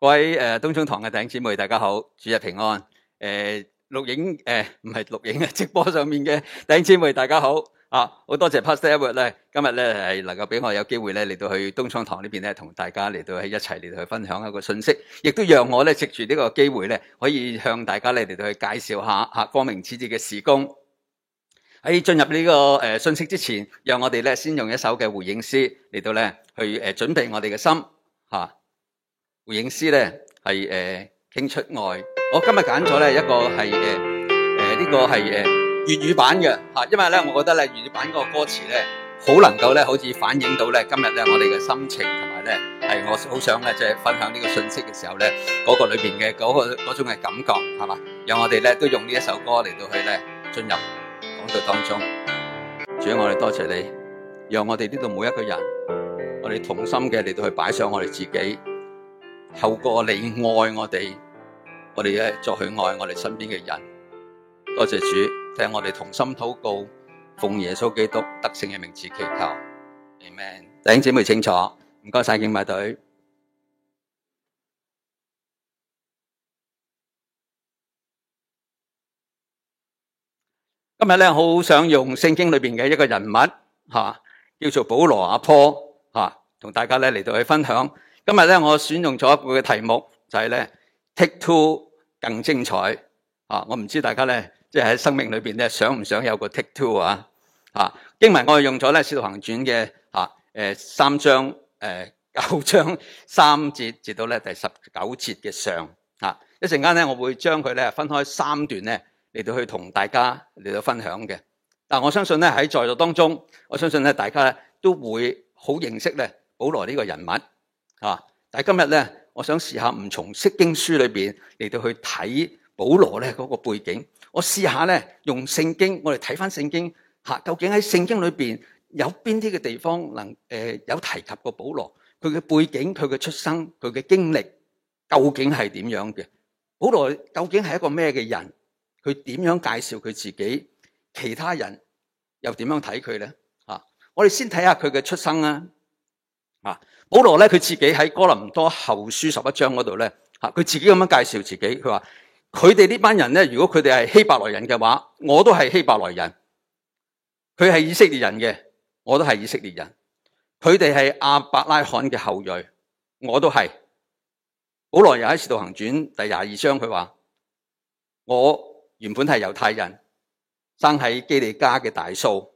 各位誒東涌堂嘅頂姊妹大家好，主日平安。誒、呃、錄影誒唔係錄影啊，直播上面嘅頂姊妹大家好。啊，好多謝 Pastor Edward 咧，今日咧係能夠俾我有機會咧嚟到去東涌堂這邊呢邊咧同大家嚟到喺一齊嚟到去分享一個信息，亦都讓我咧藉住呢個機會咧可以向大家咧嚟到去介紹下吓光明使者嘅事工。喺進入呢、這個誒、呃、信息之前，讓我哋咧先用一首嘅回應詩嚟到咧去誒、呃、準備我哋嘅心吓。啊攝影師咧係誒傾出愛，我今日揀咗咧一個係誒誒呢個係誒粵語版嘅吓，因為咧我覺得咧粵語版嗰個歌詞咧好能夠咧好似反映到咧今日咧我哋嘅心情同埋咧係我好想咧即係分享呢個信息嘅時候咧嗰個裏邊嘅嗰個嗰種嘅感覺係嘛，讓我哋咧都用呢一首歌嚟到去咧進入講道當中。主啊，我哋多謝你，讓我哋呢度每一個人，我哋同心嘅嚟到去擺上我哋自己。透過你愛我哋，我哋咧再去愛我哋身邊嘅人。多謝主，聽我哋同心禱告，奉耶穌基督得勝嘅名字祈求。阿門。弟兄姊妹請坐，唔該晒敬拜隊。今日咧好想用聖經裏邊嘅一個人物吓，叫做保羅阿坡吓，同大家咧嚟到去分享。今日咧，我選用咗一個嘅題目，就係、是、咧 take two 更精彩啊！我唔知大家咧，即係喺生命裏邊咧，想唔想有個 take two 啊？啊！經文我係用咗咧《使徒行傳》嘅啊誒三章誒、呃、九章三節，至到咧第十九節嘅上。啊！一陣間咧，我會將佢咧分開三段咧嚟到去同大家嚟到分享嘅。但我相信咧喺在座當中，我相信咧大家咧都會好認識咧保羅呢個人物。但係今日咧，我想試下唔從釋經書裏邊嚟到去睇保羅咧嗰個背景。我試下咧用聖經，我哋睇翻聖經吓，究竟喺聖經裏邊有邊啲嘅地方能誒有提及過保羅？佢嘅背景、佢嘅出生、佢嘅經歷究竟係點樣嘅？保羅究竟係一個咩嘅人？佢點樣介紹佢自己？其他人又點樣睇佢咧？我哋先睇下佢嘅出生啦。保羅咧，佢自己喺哥林多後書十一章嗰度咧，吓，佢自己咁樣介紹自己。佢話佢哋呢班人咧，如果佢哋係希伯來人嘅話，我都係希伯來人。佢係以色列人嘅，我都係以色列人。佢哋係亞伯拉罕嘅後裔，我都係。保羅又喺使徒行傳第廿二章佢話，我原本係猶太人，生喺基利家嘅大數，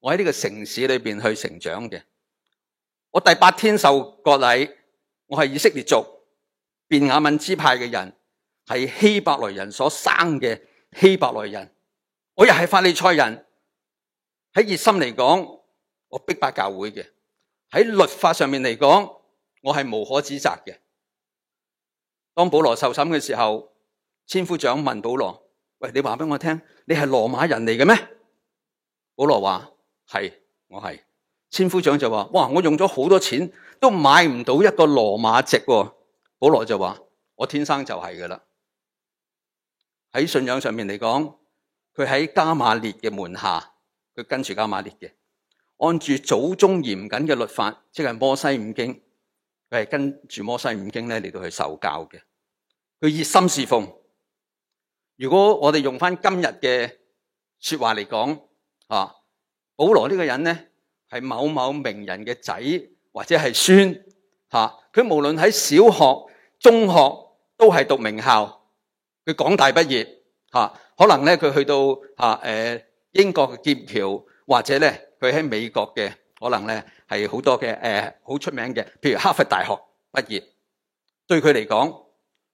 我喺呢個城市裏邊去成長嘅。我第八天受割禮，我是以色列族、便雅憫支派嘅人，是希伯來人所生嘅希伯來人，我又是法利賽人。喺熱心嚟講，我逼迫白教會嘅；喺律法上面嚟講，我是無可指責嘅。當保羅受審嘅時候，千夫長問保羅：，喂，你話俾我聽，你是羅馬人嚟嘅咩？保羅話：，是，我是。千夫長就話：哇！我用咗好多錢都買唔到一個羅馬籍啊。保羅就話：我天生就係噶啦。喺信仰上面嚟講，佢喺加馬列嘅門下，佢跟住加馬列嘅，按住祖宗嚴謹嘅律法，即係摩西五經，佢係跟住摩西五經咧嚟到去受教嘅。佢熱心侍奉。如果我哋用翻今日嘅說話嚟講，啊，保羅呢個人咧？係某某名人嘅仔或者係孫吓，佢無論喺小學、中學都係讀名校，佢港大畢業吓，可能咧佢去到吓誒英國嘅劍橋或者咧佢喺美國嘅，可能咧係好多嘅誒好出名嘅，譬如哈佛大學畢業，對佢嚟講，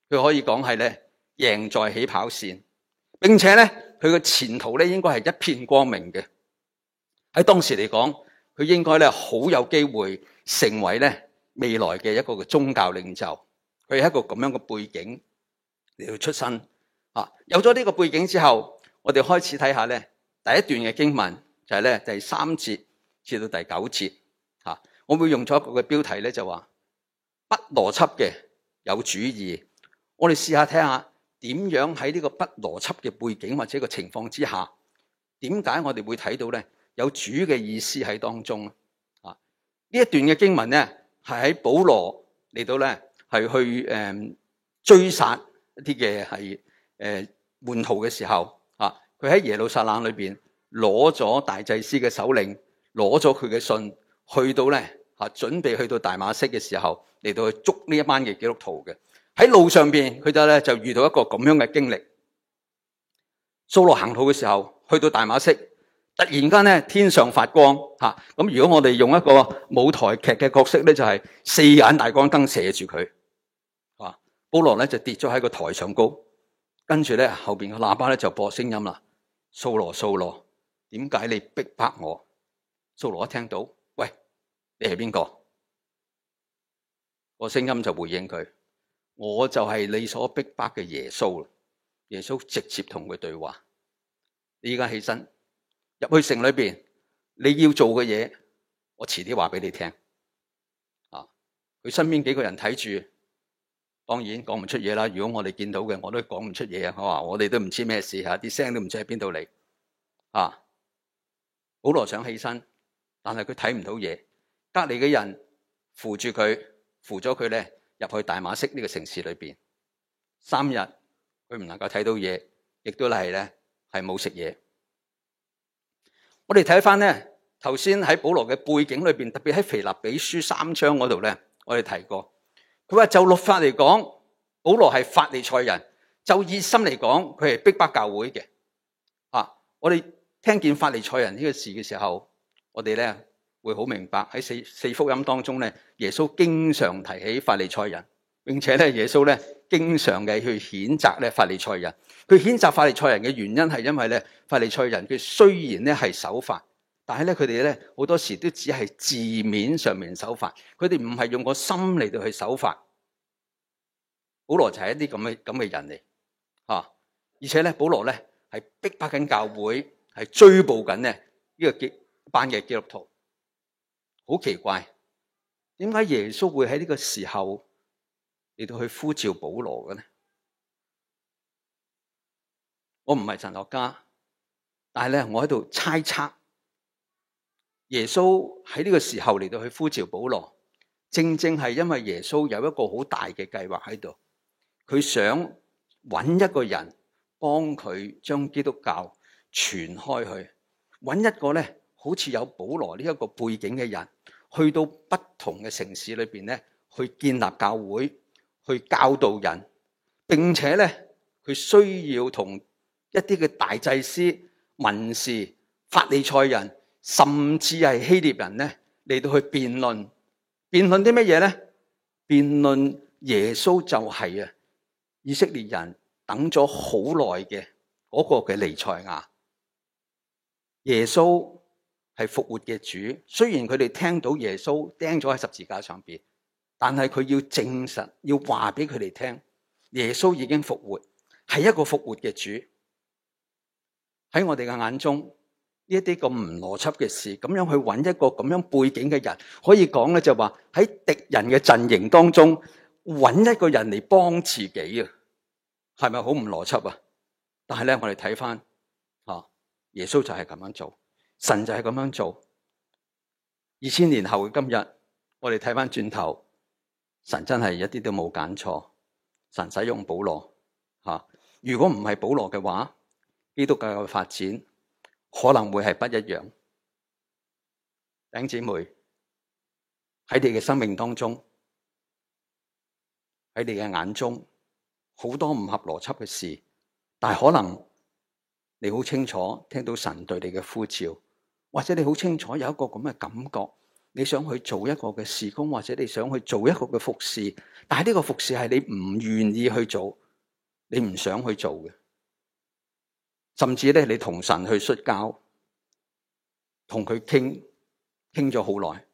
佢可以講係咧贏在起跑線，並且咧佢嘅前途咧應該係一片光明嘅，喺當時嚟講。佢應該咧好有機會成為咧未來嘅一個宗教領袖。佢係一個咁樣嘅背景嚟到出身啊。有咗呢個背景之後，我哋開始睇下咧第一段嘅經文就係咧第三節至到第九節啊。我會用咗一個嘅標題咧，就話不邏輯嘅有主意。我哋試下聽下點樣喺呢個不邏輯嘅背景或者個情況之下，點解我哋會睇到咧？有主嘅意思喺當中啊！呢一段嘅經文咧，係喺保羅嚟到咧，係去誒、嗯、追殺一啲嘅係誒門徒嘅時候啊，佢喺耶路撒冷裏邊攞咗大祭司嘅手令，攞咗佢嘅信，去到咧啊，準備去到大馬色嘅時候，嚟到去捉呢一班嘅基督徒嘅喺路上邊，佢就咧就遇到一個咁樣嘅經歷，掃羅行路嘅時候去到大馬色。突然間咧，天上發光吓，咁如果我哋用一個舞台劇嘅角色咧，就係四眼大光燈射住佢。啊，保羅咧就跌咗喺個台上高，跟住咧後邊個喇叭咧就播聲音啦：掃羅，掃羅，點解你逼迫我？掃羅一聽到，喂，你係邊個？個聲音就回應佢：我就係你所逼迫嘅耶穌啦！耶穌直接同佢對話，你而家起身，入去城裏邊，你要做嘅嘢，我遲啲話俾你聽。啊，佢身邊幾個人睇住，當然講唔出嘢啦。如果我哋見到嘅，我都講唔出嘢啊。我話我哋都唔知咩事吓，啲聲都唔知喺邊度嚟。啊，保羅、啊、想起身，但係佢睇唔到嘢。隔籬嘅人扶住佢，扶咗佢咧入去大馬色呢個城市裏邊。三日佢唔能夠睇到嘢，亦都係咧係冇食嘢。我哋睇翻咧，頭先喺保羅嘅背景裏邊，特別喺腓立比書三章嗰度咧，我哋提過，佢話就律法嚟講，保羅係法利賽人；就熱心嚟講，佢係逼迫教會嘅。啊，我哋聽見法利賽人呢個事嘅時候，我哋咧會好明白喺四四福音當中咧，耶穌經常提起法利賽人，並且咧耶穌咧經常嘅去譴責咧法利賽人。佢譴責法利賽人嘅原因係因為咧，法利賽人佢雖然咧係守法，但係咧佢哋咧好多時都只係字面上面守法，佢哋唔係用個心嚟到去守法。保羅就係一啲咁嘅咁嘅人嚟，啊！而且咧，保羅咧係逼迫緊教會，係追捕緊咧呢個班嘅基督徒。好奇怪，點解耶穌會喺呢個時候嚟到去呼召保羅嘅咧？我唔係神學家，但係咧，我喺度猜測耶穌喺呢個時候嚟到去呼召保羅，正正係因為耶穌有一個好大嘅計劃喺度，佢想揾一個人幫佢將基督教傳開去，揾一個咧好似有保羅呢一個背景嘅人，去到不同嘅城市裏邊咧去建立教會，去教導人，並且咧佢需要同。一啲嘅大祭司、文士、法利賽人，甚至係希臘人咧，嚟到去辯論，辯論啲乜嘢咧？辯論耶穌就係啊，以色列人等咗好耐嘅嗰個嘅彌賽亞，耶穌係復活嘅主。雖然佢哋聽到耶穌釘咗喺十字架上邊，但係佢要證實，要話俾佢哋聽，耶穌已經復活，係一個復活嘅主。喺我哋嘅眼中，呢一啲咁唔邏輯嘅事，咁樣去揾一個咁樣的背景嘅人，可以講咧就話喺敵人嘅陣營當中揾一個人嚟幫自己啊，係咪好唔邏輯啊？但係咧，我哋睇翻吓，耶穌就係咁樣做，神就係咁樣做。二千年後嘅今日，我哋睇翻轉頭，神真係一啲都冇揀錯，神使用保羅吓，如果唔係保羅嘅話，基督教嘅發展可能會係不一樣，弟兄姊妹，喺你嘅生命當中，喺你嘅眼中，好多唔合邏輯嘅事，但係可能你好清楚聽到神對你嘅呼召，或者你好清楚有一個咁嘅感覺，你想去做一個嘅事工，或者你想去做一個嘅服事，但係呢個服事係你唔願意去做，你唔想去做嘅。甚至咧，你同神去摔交，同佢傾傾咗好耐，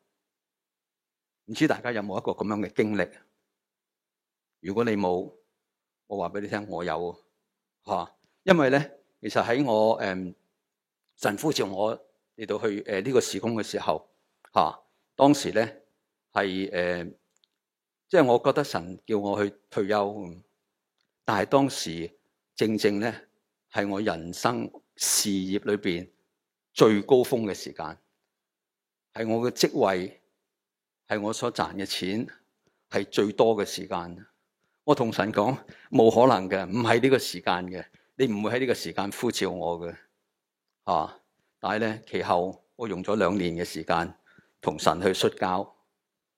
唔知大家有冇一個咁樣嘅經歷？如果你冇，我話俾你聽，我有吓，因為咧，其實喺我誒神呼召我嚟到去誒呢個事工嘅時候吓，當時咧係誒，即係我覺得神叫我去退休，但係當時正正咧，係我人生事業裏邊最高峰嘅時間，係我嘅職位，係我所賺嘅錢係最多嘅時間。我同神講，冇可能嘅，唔係呢個時間嘅，你唔會喺呢個時間呼召我嘅啊！但係咧，其後我用咗兩年嘅時間同神去摔跤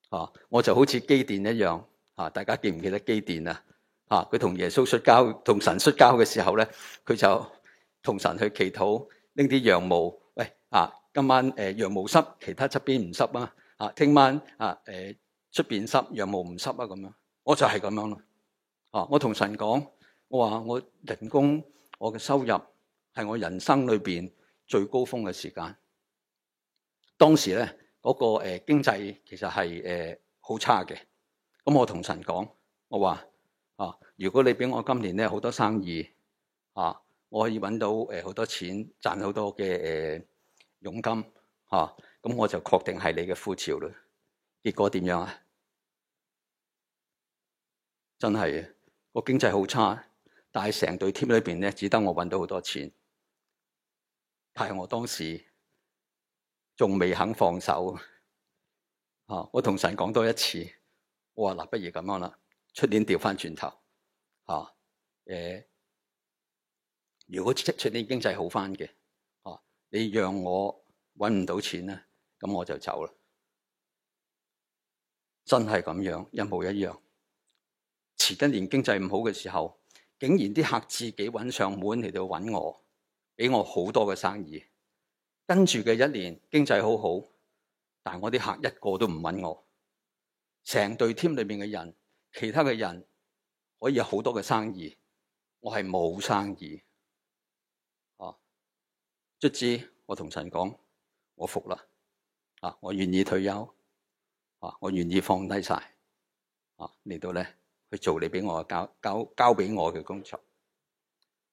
啊！我就好似基甸一樣啊！大家記唔記得基甸啊？啊！佢同耶穌出交，同神出交嘅時候咧，佢就同神去祈禱，拎啲羊毛。喂，啊，今晚誒、呃、羊毛濕，其他側邊唔濕啊！啊，聽晚啊誒出邊濕，羊毛唔濕啊！咁樣，我就係咁樣咯、啊。我同神講，我話我人工，我嘅收入係我人生裏邊最高峰嘅時間。當時咧嗰、嗰個誒、呃、經濟其實係誒好差嘅。咁我同神講，我話。啊！如果你俾我今年咧，好多生意啊，我可以揾到誒好多錢，賺好多嘅誒、呃、佣金嚇，咁、啊、我就確定係你嘅呼召啦。結果點樣啊？真係嘅，個經濟好差，但係成隊 team 裏邊咧，只得我揾到好多錢，但係我當時仲未肯放手啊！我同神講多一次，我話嗱，不如咁樣啦。出年調翻轉頭，嚇、啊！誒、欸，如果出年經濟好翻嘅，哦、啊，你讓我揾唔到錢咧，咁我就走啦。真係咁樣一模一樣。前一年經濟唔好嘅時候，竟然啲客自己揾上門嚟到揾我，俾我好多嘅生意。跟住嘅一年經濟好好，但係我啲客一個都唔揾我，成隊 team 裏邊嘅人。其他嘅人可以有好多嘅生意，我係冇生意。啊，卒之我同神講，我服啦。啊，我願意退休。啊，我願意放低晒。啊，嚟到咧去做你俾我交交交俾我嘅工作。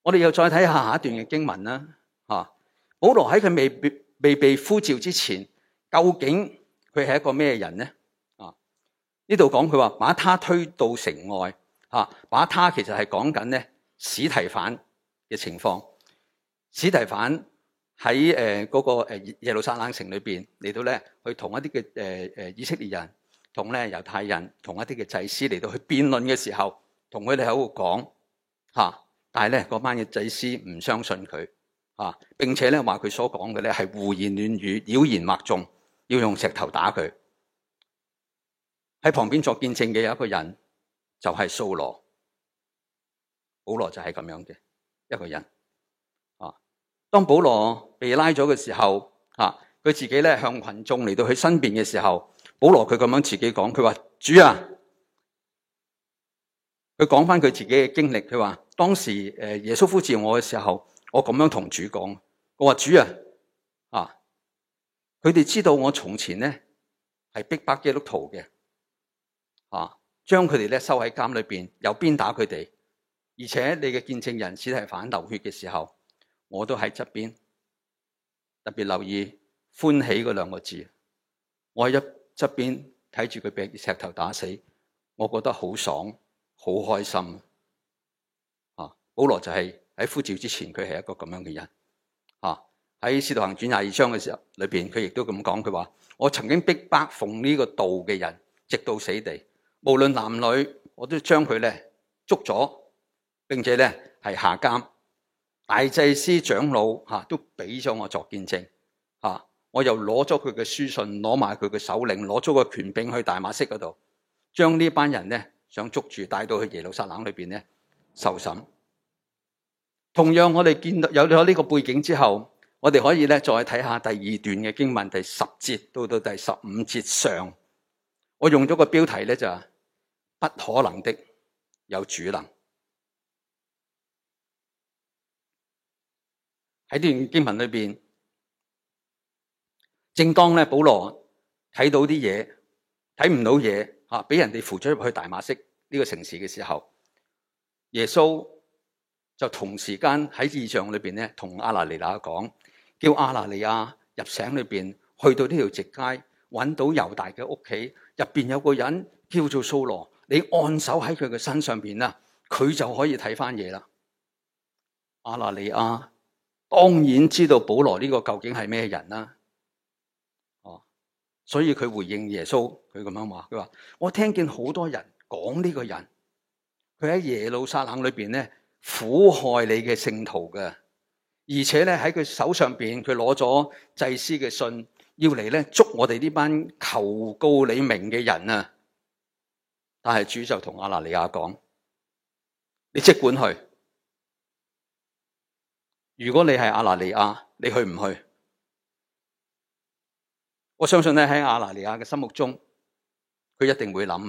我哋又再睇下下一段嘅經文啦。啊，保羅喺佢未未被呼召之前，究竟佢係一個咩人呢？呢度講佢話，把他推到城外，吓，把他其實係講緊咧史提反嘅情況。史提反喺誒嗰個誒耶路撒冷城裏邊嚟到咧，去同一啲嘅誒誒以色列人同咧猶太人同一啲嘅祭司嚟到去辯論嘅時候，同佢哋喺度講，吓，但係咧嗰班嘅祭司唔相信佢，吓，並且咧話佢所講嘅咧係胡言亂語、妖言惑眾，要用石頭打佢。喺旁邊作見證嘅有一個人，就係掃羅，保羅就係咁樣嘅一個人。啊，當保羅被拉咗嘅時候，啊，佢自己咧向群眾嚟到佢身邊嘅時候，保羅佢咁樣自己講，佢話主啊，佢講返佢自己嘅經歷，佢話當時誒耶穌呼召我嘅時候，我咁樣同主講，我話主啊，啊，佢哋知道我從前咧係逼迫基督徒嘅。啊！將佢哋咧收喺監裏邊，又鞭打佢哋，而且你嘅見證人史提反流血嘅時候，我都喺側邊特別留意歡喜嗰兩個字。我喺一側邊睇住佢被石頭打死，我覺得好爽，好開心。啊！保羅就係喺呼召之前，佢係一個咁樣嘅人。啊！喺使徒行傳廿二章嘅時候裏邊，佢亦都咁講，佢話我曾經逼迫奉呢個道嘅人，直到死地。無論男女，我都將佢咧捉咗，並且咧係下監。大祭司長老吓都俾咗我作見證，吓我又攞咗佢嘅書信，攞埋佢嘅首領，攞咗個權柄去大馬色嗰度，將呢班人咧想捉住，帶到去耶路撒冷裏邊咧受審。同樣我哋見到有咗呢個背景之後，我哋可以咧再睇下第二段嘅經文第十節到到第十五節上，我用咗個標題咧就是不可能的，有主能喺呢段經文裏邊，正當咧保羅睇到啲嘢，睇唔到嘢吓，俾人哋扶咗入去大馬色呢個城市嘅時候，耶穌就同時間喺異象裏邊咧，同亞拿尼亞講，叫亞拿尼亞入城裏邊，去到呢條直街，搵到猶大嘅屋企，入邊有個人叫做掃羅。你按手喺佢嘅身上邊啦，佢就可以睇翻嘢啦。阿拿利亞當然知道保羅呢個究竟係咩人啦。哦，所以佢回應耶穌，佢咁樣話：佢話我聽見好多人講呢個人，佢喺耶路撒冷裏邊咧，苦害你嘅聖徒嘅，而且咧喺佢手上邊，佢攞咗祭司嘅信，要嚟咧捉我哋呢班求告你名嘅人啊！但是主就同阿拿尼亞講：你即管去。如果你係阿拿尼亞，你去唔去？我相信在喺阿拿尼亞嘅心目中，佢一定會諗。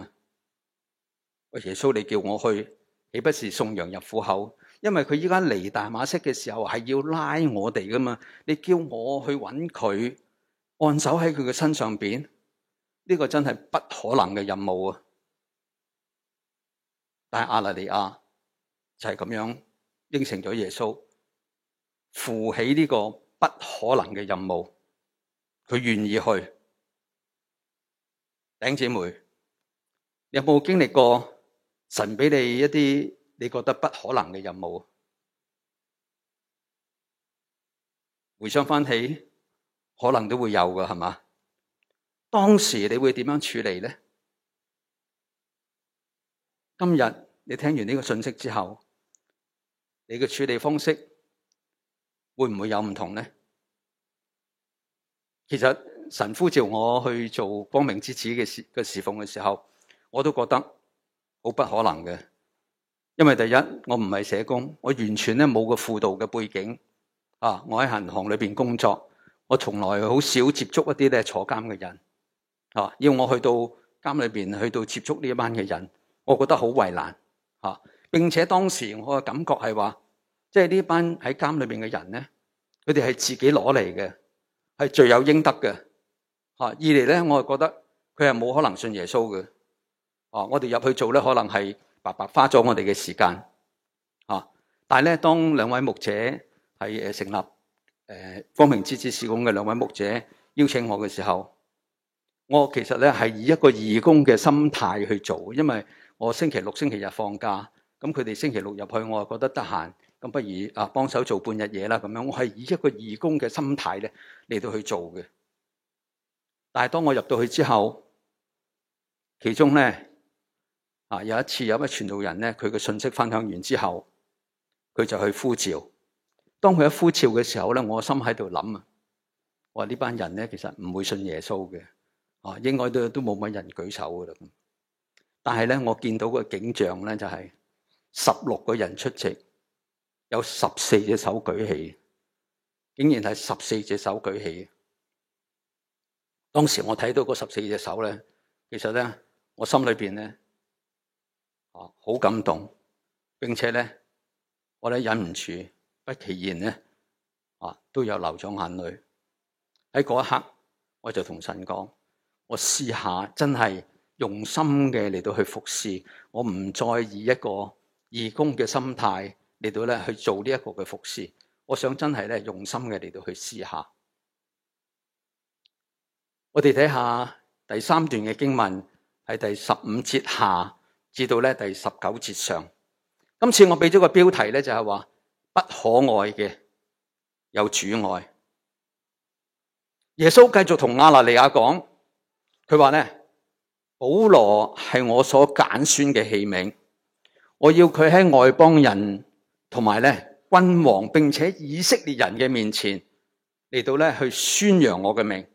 耶穌你叫我去，豈不是送羊入虎口？因為佢而家離大馬色嘅時候係要拉我哋噶嘛，你叫我去揾佢，按手喺佢嘅身上邊，呢個真係不可能嘅任務啊！喺亞拿尼亞就係、是、咁樣應承咗耶穌負起呢個不可能嘅任務，佢願意去。弟兄姊妹，你有冇經歷過神俾你一啲你覺得不可能嘅任務？回想翻起，可能都會有㗎，係嘛？當時你會點樣處理咧？今日？你聽完呢個信息之後，你嘅處理方式會唔會有唔同咧？其實神呼召我去做光明之子嘅侍嘅侍奉嘅時候，我都覺得好不可能嘅，因為第一我唔係社工，我完全咧冇個輔導嘅背景啊！我喺銀行裏邊工作，我從來好少接觸一啲咧坐監嘅人啊！要我去到監裏邊去到接觸呢一班嘅人，我覺得好為難。吓，並且當時我嘅感覺係話，即係呢班喺監裏邊嘅人咧，佢哋係自己攞嚟嘅，係罪有應得嘅。吓，二嚟咧，我就覺得佢係冇可能信耶穌嘅。哦，我哋入去做咧，可能係白白花咗我哋嘅時間。吓，但係咧，當兩位牧者喺誒成立誒光明之子事工嘅兩位牧者邀請我嘅時候，我其實咧係以一個義工嘅心態去做，因為。我星期六、星期日放假，咁佢哋星期六入去，我又覺得得閒，咁不如啊幫手做半日嘢啦咁樣。我係以一個義工嘅心態咧嚟到去做嘅。但係當我入到去之後，其中咧啊有一次有咩傳道人咧，佢嘅信息分享完之後，佢就去呼召。當佢一呼召嘅時候咧，我心喺度諗啊，我話呢班人咧其實唔會信耶穌嘅，啊應該都都冇乜人舉手噶啦。但係咧，我見到個景象咧，就係十六個人出席，有十四隻手舉起，竟然係十四隻手舉起。當時我睇到嗰十四隻手咧，其實咧，我心裏邊咧，啊，好感動。並且咧，我咧忍唔住，不其然咧，啊，都有流咗眼淚。喺嗰一刻我跟，我就同神講：我試下真係。用心嘅嚟到去服侍，我唔再以一個義工嘅心態嚟到咧去做呢一個嘅服侍。我想真係咧用心嘅嚟到去試下。我哋睇下第三段嘅經文，喺第十五節下至到咧第十九節上。今次我俾咗個標題咧，就係話不可愛嘅有主愛。耶穌繼續同亞拿尼亞講，佢話咧。保羅係我所揀選嘅器皿，我要佢喺外邦人同埋咧君王、並且以色列人嘅面前嚟到咧去宣揚我嘅名。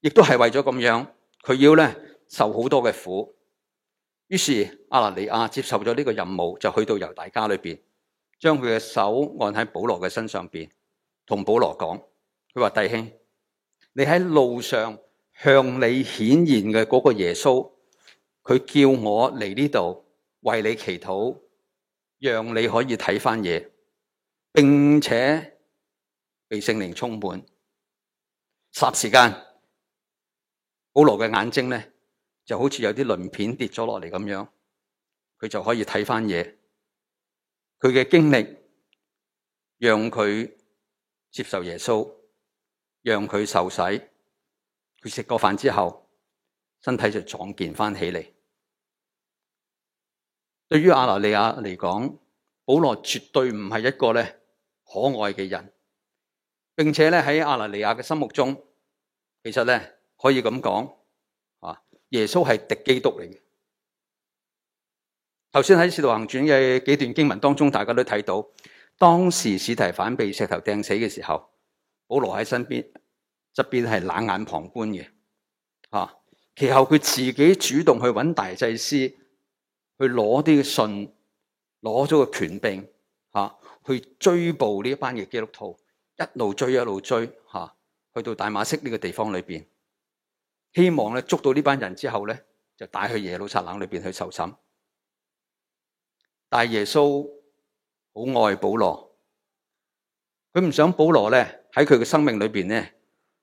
亦都係為咗咁樣，佢要咧受好多嘅苦。於是阿拿尼亞接受咗呢個任務，就去到猶大家裏邊，將佢嘅手按喺保羅嘅身上邊，同保羅講：佢話弟兄，你喺路上。向你顯現嘅嗰個耶穌，佢叫我嚟呢度為你祈禱，讓你可以睇翻嘢，並且被聖靈充滿。霎時間，保羅嘅眼睛咧就好似有啲鱗片跌咗落嚟咁樣，佢就可以睇翻嘢。佢嘅經歷讓佢接受耶穌，讓佢受洗。佢食過飯之後，身體就壯健翻起嚟。對於亞拿尼亞嚟講，保羅絕對唔係一個咧可愛嘅人，並且咧喺亞拿尼亞嘅心目中，其實咧可以咁講啊，耶穌係敵基督嚟嘅。頭先喺《使徒行傳》嘅幾段經文當中，大家都睇到，當時史提反被石頭掟死嘅時候，保羅喺身邊。側邊係冷眼旁觀嘅，吓、啊。其後佢自己主動去揾大祭司，去攞啲信，攞咗個權柄，吓、啊，去追捕呢一班嘅基督徒，一路追一路追，吓、啊，去到大馬色呢個地方裏邊，希望咧捉到呢班人之後咧，就帶去耶路撒冷裏邊去受審。但耶穌好愛保羅，佢唔想保羅咧喺佢嘅生命裏邊咧。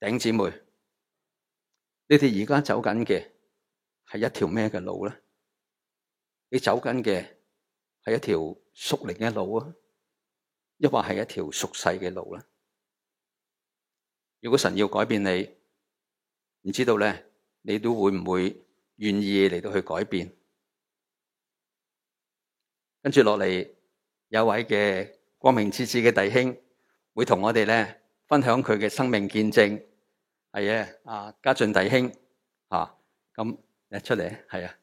頂姊妹，你哋而家走緊嘅係一條咩嘅路咧？你走緊嘅係一條屬靈嘅路啊，抑或係一條屬世嘅路咧？如果神要改變你，唔知道咧，你都會唔會願意嚟到去改變？跟住落嚟有位嘅光明之子嘅弟兄會同我哋咧。分享佢嘅生命見證，係嘅。阿家俊弟兄，吓，咁嚟，出嚟，係啊。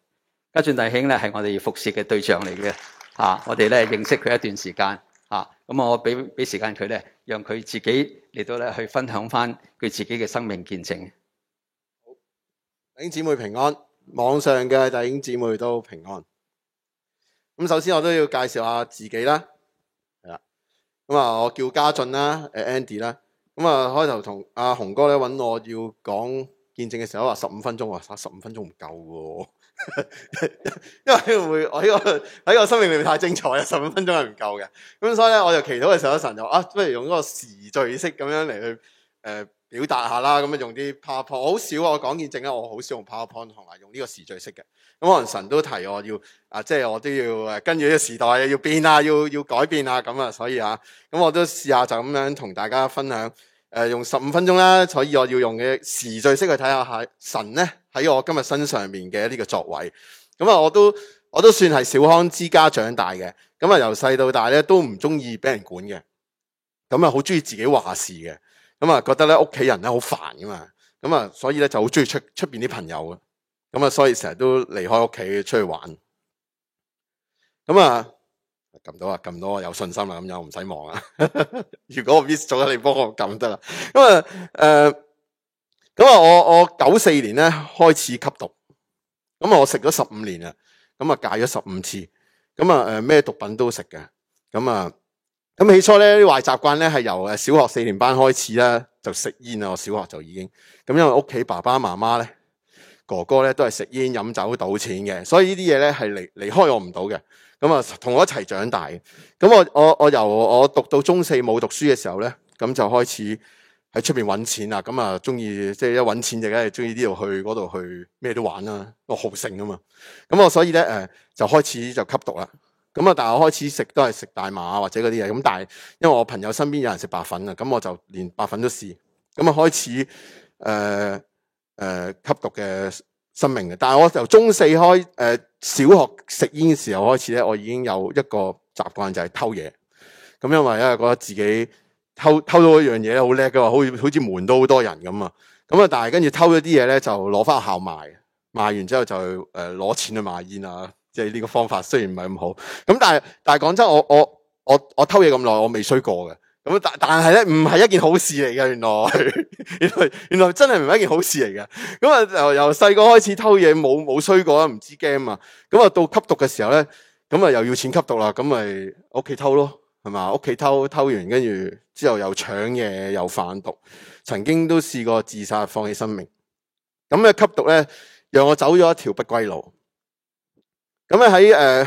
家俊弟兄咧，係我哋服侍嘅對象嚟嘅，吓、啊、我哋咧認識佢一段時間，吓、啊、咁我俾俾時間佢咧，讓佢自己嚟到咧去分享翻佢自己嘅生命見證。好，弟兄姊妹平安，網上嘅弟兄姊妹都平安。咁首先我都要介紹下自己啦，係啦。咁啊，我叫家俊啦，誒、啊、Andy 啦。咁啊，開頭同阿洪哥咧搵我要講見證嘅時候，話十五分鐘啊，十五分鐘唔夠噶、哦， 因為會我呢個喺個生命裏面太精彩啦，十五分鐘係唔夠嘅，咁所以咧，我就祈禱嘅時候，神就啊，不如用嗰個時序式咁樣嚟去誒。呃表達下啦，咁啊用啲 PowerPoint，好少我講見證啊，我好少用 PowerPoint 同埋用呢個時序式嘅。咁、嗯、可能神都提我要啊，即係我都要誒、啊，跟住呢個時代啊，要變啊，要要改變啊，咁啊，所以啊，咁我都試下就咁樣同大家分享誒、啊，用十五分鐘啦，所以我要用嘅時序式去睇下神咧喺我今日身上面嘅呢個作為。咁、嗯、啊，我都我都算係小康之家長大嘅，咁啊由細到大咧都唔中意俾人管嘅，咁啊好中意自己話事嘅。咁啊，覺得咧屋企人咧好煩噶嘛，咁啊，所以咧就好中意出出邊啲朋友嘅，咁啊，所以成日都離開屋企出去玩。咁啊，撳到啊，撳到有信心啦，咁又唔使望啊。 如果我 miss 咗，你幫我撳得啦。咁、嗯、啊，誒、嗯，咁、嗯、啊，我我九四年咧開始吸毒，咁、嗯、啊，我食咗十五年啦，咁、嗯、啊，戒咗十五次，咁、嗯、啊，誒，咩毒品都食嘅，咁、嗯、啊。咁起初咧，啲壞習慣咧係由誒小學四年班開始啦，就食煙啦。我小學就已經咁，因為屋企爸爸媽媽咧、哥哥咧都係食煙、飲酒、賭錢嘅，所以呢啲嘢咧係離離開我唔到嘅。咁啊，同我一齊長大。咁我我我由我讀到中四冇讀書嘅時候咧，咁就開始喺出邊搵錢啦。咁啊，中意即係一搵錢就梗係中意呢度去嗰度去咩都玩啦。我好勝啊嘛。咁我所以咧誒，就開始就吸毒啦。咁啊！但係我開始食都係食大麻或者嗰啲嘢。咁但係因為我朋友身邊有人食白粉啊，咁我就連白粉都試。咁啊，開始誒誒、呃呃、吸毒嘅生命嘅。但係我由中四開誒、呃、小學食煙時候開始咧，我已經有一個習慣就係、是、偷嘢。咁因為因為覺得自己偷偷到一樣嘢好叻嘅話，好似好似瞞到好多人咁啊。咁啊，但係跟住偷咗啲嘢咧就攞翻學校賣，賣完之後就誒攞、呃、錢去買煙啊。即係呢個方法雖然唔係咁好，咁但係但係講真，我我我我偷嘢咁耐，我未衰過嘅。咁但但係咧，唔係一件好事嚟嘅。原來原來原來真係唔係一件好事嚟嘅。咁、嗯、啊由由細個開始偷嘢，冇冇衰過啊？唔知驚啊！咁啊到吸毒嘅時候咧，咁、嗯、啊又要錢吸毒啦，咁咪屋企偷咯，係嘛？屋企偷偷完，跟住之後又搶嘢，又販毒。曾經都試過自殺，放棄生命。咁嘅吸毒咧，讓我走咗一條不歸路。咁咧喺誒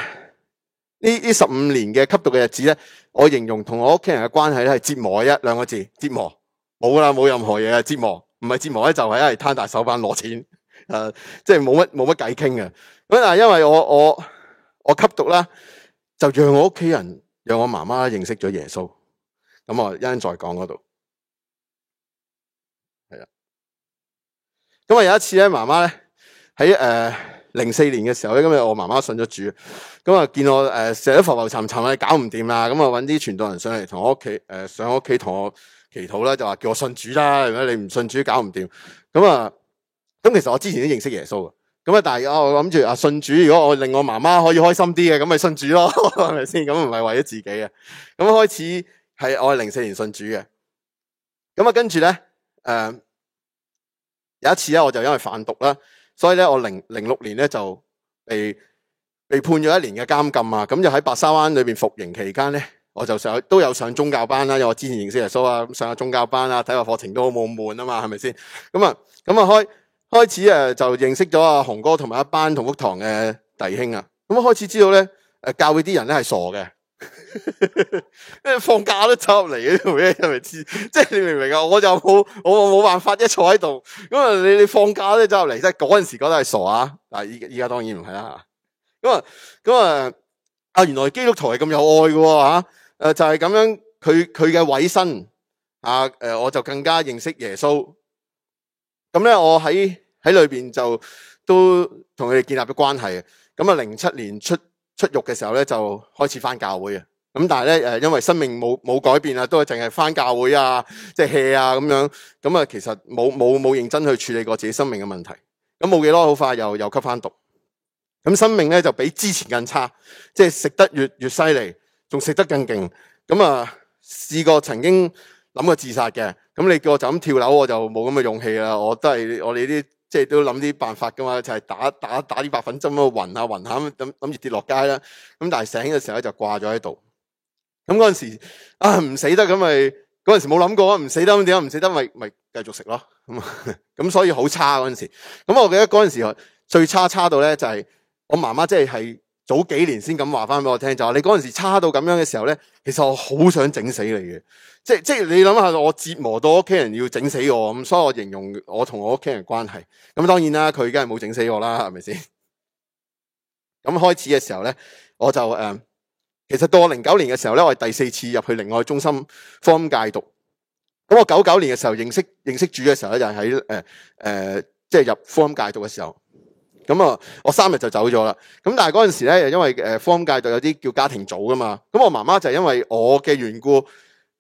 呢呢十五年嘅吸毒嘅日子咧，我形容同我屋企人嘅關係咧係折磨一兩個字，折磨冇啦，冇任何嘢嘅折磨，唔係折磨咧就係一係攤大手板攞錢，誒、呃、即係冇乜冇乜偈傾嘅咁，因為我我我，我吸毒啦，就讓我屋企人讓我媽媽認識咗耶穌。咁我一陣再講嗰度係啦。咁啊有一次咧，媽媽咧喺誒。零四年嘅時候咧，今日我媽媽信咗主，咁啊見我誒成日浮浮沉沉啊，搞唔掂啦，咁啊揾啲傳道人上嚟同我屋企誒上我屋企同我祈禱啦，就話叫我信主啦，係咪？你唔信主搞唔掂，咁啊咁其實我之前都認識耶穌嘅，咁啊但係我諗住啊信主，如果我令我媽媽可以開心啲嘅，咁咪信主咯，係咪先？咁唔係為咗自己嘅，咁、嗯、開始係我係零四年信主嘅，咁、嗯、啊跟住咧誒有一次咧，我就因為販毒啦。所以咧，我零零六年咧就被被判咗一年嘅監禁啊，咁就喺白沙灣裏邊服刑期間咧，我就上都有上宗教班啦，因為我之前認識耶穌啊，上下宗教班啊，睇下課程都冇咁悶啊嘛，係咪先？咁啊，咁啊開開始啊就認識咗阿洪哥同埋一班同福堂嘅弟兄啊，咁一開始知道咧，誒教會啲人咧係傻嘅。因為 放假都走入嚟嘅，做咩？因為知，即係你明唔、就是、明啊？我就冇，我冇冇辦法一坐喺度。咁啊，你你放假都走入嚟，即係嗰陣時覺得係傻啊！而依依家當然唔係啦。咁啊，咁啊，啊，原來基督徒係咁有愛嘅吓。誒，就係、是、咁樣，佢佢嘅委身啊，誒，我就更加認識耶穌。咁咧，我喺喺裏邊就都同佢哋建立咗關係咁啊，零七年出。出獄嘅時候咧就開始翻教會嘅，咁但係咧誒，因為生命冇冇改變啊，都係淨係翻教會啊，即係 hea 啊咁樣，咁啊其實冇冇冇認真去處理過自己生命嘅問題，咁冇幾多，好快又又吸翻毒，咁生命咧就比之前更差，即係食得越越犀利，仲食得更勁，咁啊試過曾經諗過自殺嘅，咁你叫我就咁跳樓我就冇咁嘅勇氣啦，我都係我哋啲。即係都諗啲辦法㗎嘛，就係打打打啲白粉針啊，暈下暈下咁諗住跌落街啦。咁但係醒嘅時候咧就掛咗喺度。咁嗰陣時啊，唔死得咁咪嗰陣時冇諗過啊，唔死得咁點解唔死得咪咪、就是就是、繼續食咯。咁咁所以好差嗰陣時。咁我記得嗰陣時最差差到咧就係我媽媽即係。早幾年先咁話翻俾我聽，就話你嗰陣時差到咁樣嘅時候咧，其實我好想整死你嘅，即即你諗下，我折磨到屋企人要整死我，咁所以我形容我同我屋企人關係。咁當然啦，佢梗係冇整死我啦，係咪先？咁開始嘅時候咧，我就誒、嗯，其實到我零九年嘅時候咧，我係第四次入去另外中心 Form 戒毒。咁我九九年嘅時候認識認識主嘅時候咧，就喺誒誒，即係入 Form 戒毒嘅時候。就是咁啊，我三日就走咗啦。咁但係嗰陣時呢，因為誒福音界度有啲叫家庭組噶嘛，咁我媽媽就因為我嘅緣故，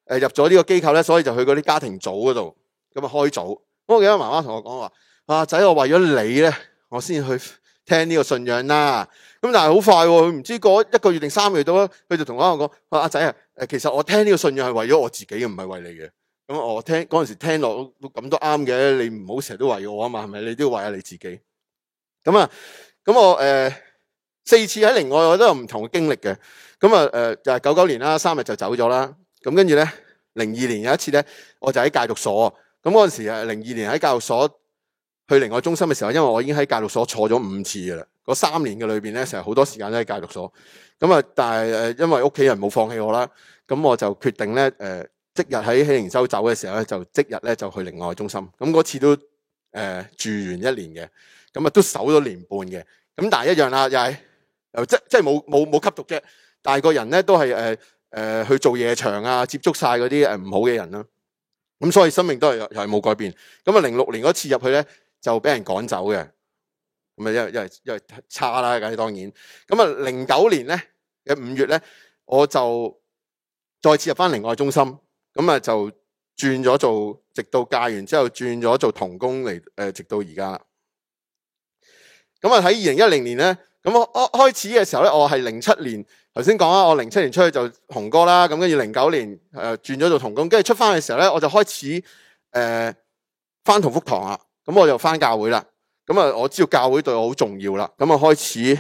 呃、入咗呢個機構咧，所以就去嗰啲家庭組嗰度咁啊開組咁我記得媽媽同我講話：，阿仔，我為咗你咧，我先去聽呢個信仰啦。咁但係好快、哦，佢唔知過一個月定三個月到啦，佢就同我講：，話阿仔啊，誒其實我聽呢個信仰係為咗我自己嘅，唔係為你嘅。咁我聽嗰陣時聽落都咁都啱嘅，你唔好成日都為我啊嘛，係咪？你都要為下你自己。咁啊，咁我誒、呃、四次喺另外我，我都有唔同嘅經歷嘅。咁啊誒，就係九九年啦，三日就走咗啦。咁跟住咧，零二年有一次咧，我就喺戒毒所。咁嗰陣時零二年喺戒毒所去另外中心嘅時候，因為我已經喺戒毒所坐咗五次嘅啦。嗰三年嘅裏面咧，成日好多時間都喺戒毒所。咁啊，但係、呃、因為屋企人冇放棄我啦，咁我就決定咧、呃、即日喺喜靈洲走嘅時候咧，就即日咧就去另外中心。咁嗰次都誒、呃、住完一年嘅。咁啊，都守咗年半嘅，咁但係一樣啦，又係即即係冇冇冇吸毒啫，但係個人咧都係誒誒去做夜場啊，接觸晒嗰啲誒唔好嘅人啦、啊，咁所以生命都係又係冇改變。咁、嗯、啊，零六年嗰次入去咧就俾人趕走嘅，咁、嗯、啊，因因為因為差啦，梗係當然。咁、嗯、啊，零九年咧嘅五月咧，我就再次入翻靈愛中心，咁、嗯、啊就轉咗做，直到戒完之後轉咗做同工嚟，誒，直到而家。咁啊！喺二零一零年咧，咁我開始嘅時候咧，我係零七年，頭先講啦，我零七年出去就紅歌啦，咁跟住零九年誒轉咗做同工，跟住出返嘅時候咧，我就開始誒返、呃、同福堂啦，咁我就返教會啦，咁啊我知道教會對我好重要啦，咁啊開始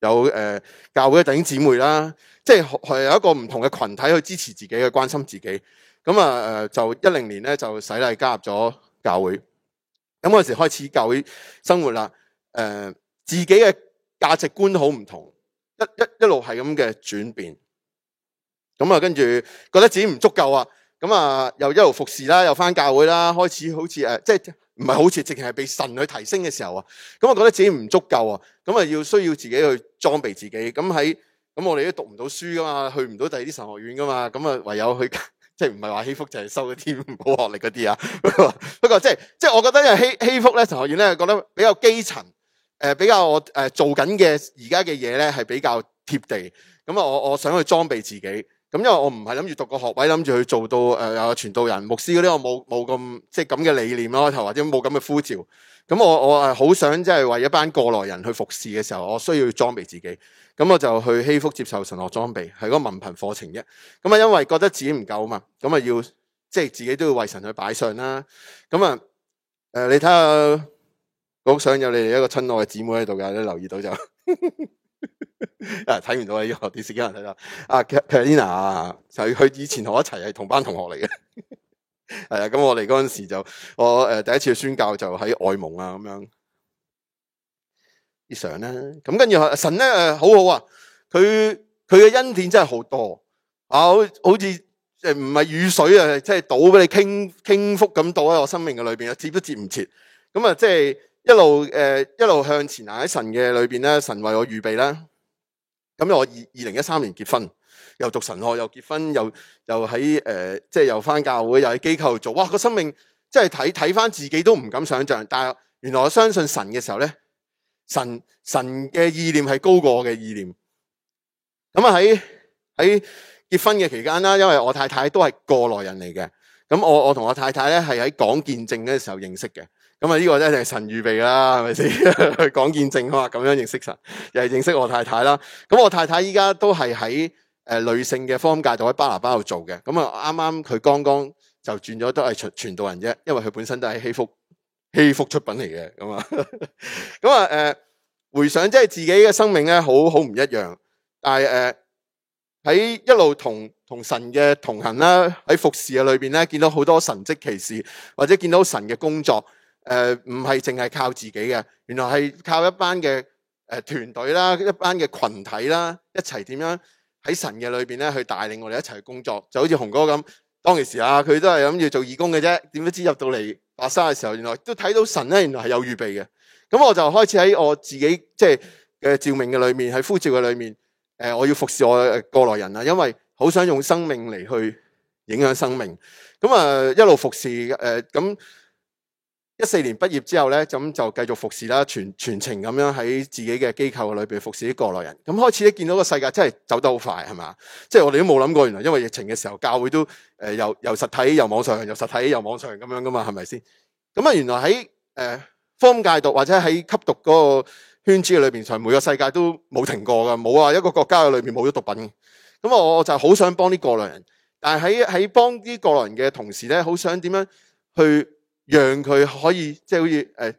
有誒、呃、教會嘅弟兄姊妹啦，即係係有一個唔同嘅群體去支持自己去關心自己，咁啊誒就一零年咧就洗禮加入咗教會，咁嗰時開始教會生活啦。誒、呃，自己嘅價值觀好唔同，一一一路係咁嘅轉變，咁啊，跟住覺得自己唔足夠啊，咁啊，又一路服侍啦，又翻教會啦，開始好似誒，即係唔係好似，淨係被神去提升嘅時候啊，咁啊，覺得自己唔足夠啊，咁啊，要需要自己去裝備自己，咁喺，咁我哋都讀唔到書噶嘛，去唔到第二啲神學院噶嘛，咁啊，唯有去，即係唔係話欺福就係收嗰啲唔好學歷嗰啲啊， 不過，即係，即係我覺得有欺欺福咧，神學院咧，覺得比較基層。誒、呃，比較我誒、呃、做緊嘅而家嘅嘢咧，係比較貼地。咁啊，我我想去裝備自己。咁因為我唔係諗住讀個學位，諗住去做到誒傳、呃、道人、牧師嗰啲，我冇冇咁即係咁嘅理念咯，同或者冇咁嘅呼召。咁我我好想即係為一班過來人去服侍嘅時候，我需要裝備自己。咁我就去希福接受神學裝備，係個文憑課程啫。咁啊，因為覺得自己唔夠啊嘛，咁啊要即係自己都要為神去擺上啦。咁啊，誒、呃、你睇下。好想有你哋一個親愛嘅姊妹喺度噶，你留意到就啊睇唔到啊，呢、這個電視機睇到啊，Katina 啊，就佢以前同我一齊係同班同學嚟嘅，係啊，咁我哋嗰陣時就我誒第一次去宣教就喺外蒙啊，咁樣，啲相咧，咁跟住神咧誒、呃、好好啊，佢佢嘅恩典真係好多啊，好好似誒唔係雨水啊，即係倒俾你傾傾覆咁倒喺我生命嘅裏邊啊，接都接唔切，咁啊即係。一路誒、呃、一路向前行喺神嘅裏邊，咧，神為我預備啦。咁我二二零一三年結婚，又讀神學，又結婚，又又喺誒即係又翻教會，又喺機構做。哇！個生命即係睇睇翻自己都唔敢想象。但係原來我相信神嘅時候咧，神神嘅意念係高過我嘅意念。咁啊喺喺結婚嘅期間啦，因為我太太都係過來人嚟嘅。咁我我同我太太咧係喺講見證嘅時候認識嘅。咁啊！呢個真係神預備啦，係咪先？ 講見證啊嘛，咁樣認識神，又係認識我太太啦。咁我太太依家都係喺誒女性嘅方界度喺巴拿巴度做嘅。咁啊，啱啱佢剛剛就轉咗都係傳傳道人啫，因為佢本身都係喜福喜福出品嚟嘅。咁啊，咁 啊，誒、呃，回想即係自己嘅生命咧，好好唔一樣。但係誒喺一路同同神嘅同行啦，喺服侍嘅裏邊咧，見到好多神蹟奇事，或者見到神嘅工作。誒，唔係淨係靠自己嘅，原來係靠一班嘅誒、呃、團隊啦，一班嘅群體啦，一齊點樣喺神嘅裏邊咧去帶領我哋一齊去工作，就好似紅哥咁，當其時啊，佢都係諗住做義工嘅啫，點都知道入到嚟發生嘅時候，原來都睇到神咧，原來係有預備嘅。咁我就開始喺我自己即係嘅召命嘅裏面，喺呼召嘅裏面，誒、呃，我要服侍我的過來人啦，因為好想用生命嚟去影響生命。咁啊、呃，一路服侍誒咁。呃一四年畢業之後咧，咁就繼續服侍啦，全全程咁樣喺自己嘅機構裏邊服侍啲過來人。咁開始一見到個世界真係走得好快，係嘛？即係我哋都冇諗過，原來因為疫情嘅時候，教會都誒、呃、又又實體又網上，又實體又網上咁樣噶嘛？係咪先？咁啊，原來喺誒、呃、方戒毒或者喺吸毒嗰個圈子裏邊，其實每個世界都冇停過噶，冇啊！一個國家嘅裏邊冇咗毒品。咁我就好想幫啲過來人，但係喺喺幫啲過來人嘅同時咧，好想點樣去？讓佢可以即係、就是、好似誒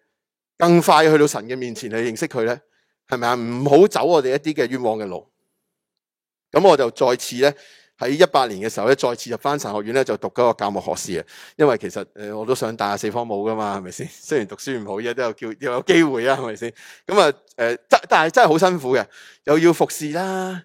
更快去到神嘅面前去認識佢咧，係咪啊？唔好走我哋一啲嘅冤枉嘅路。咁我就再次咧喺一八年嘅時候咧，再次入翻神學院咧就讀嗰個教牧學士啊。因為其實誒我都想大下四方舞噶嘛，係咪先？雖然讀書唔好，而家都有叫又有機會啊，係咪先？咁啊誒，呃、但真但係真係好辛苦嘅，又要服侍啦，誒、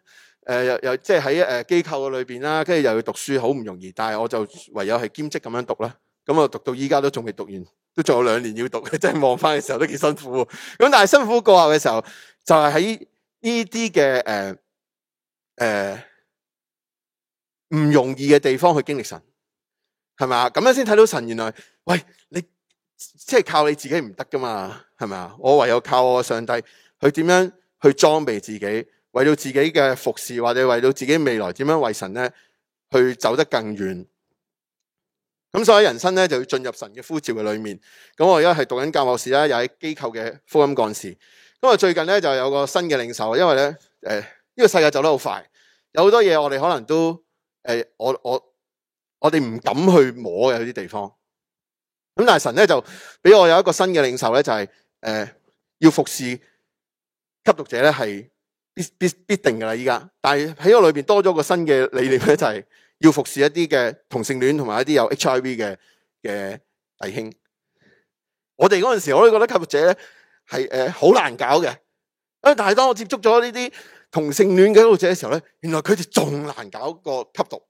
呃、又又即係喺誒機構嘅裏邊啦，跟住又要讀書，好唔容易。但係我就唯有係兼職咁樣讀啦。咁我讀到依家都仲未讀完，都仲有兩年要讀，真係望翻嘅時候都幾辛苦。咁但係辛苦過後嘅時候，就係喺呢啲嘅誒誒唔容易嘅地方去經歷神，係咪啊？咁樣先睇到神原來，喂你即係靠你自己唔得噶嘛，係咪啊？我唯有靠我上帝，去點樣去裝備自己，為到自己嘅服侍，或者為到自己未來點樣為神咧，去走得更遠。咁所以人生咧就要進入神嘅呼召嘅裏面。咁我而家係讀緊教牧士啦，又喺機構嘅福音幹事。咁啊最近咧就有一個新嘅領受，因為咧誒呢、呃這個世界走得好快，有好多嘢我哋可能都誒、呃、我我我哋唔敢去摸嘅嗰啲地方。咁但係神咧就俾我有一個新嘅領受。咧，就係、是、誒、呃、要服侍吸毒者咧係必必必定噶啦依家。但係喺我裏邊多咗個新嘅理念咧就係、是。要服侍一啲嘅同性戀同埋一啲有 HIV 嘅嘅弟兄，我哋嗰陣時我都覺得吸毒者咧係誒好難搞嘅，啊！但係當我接觸咗呢啲同性戀嘅吸毒者嘅時候咧，原來佢哋仲難搞過吸毒，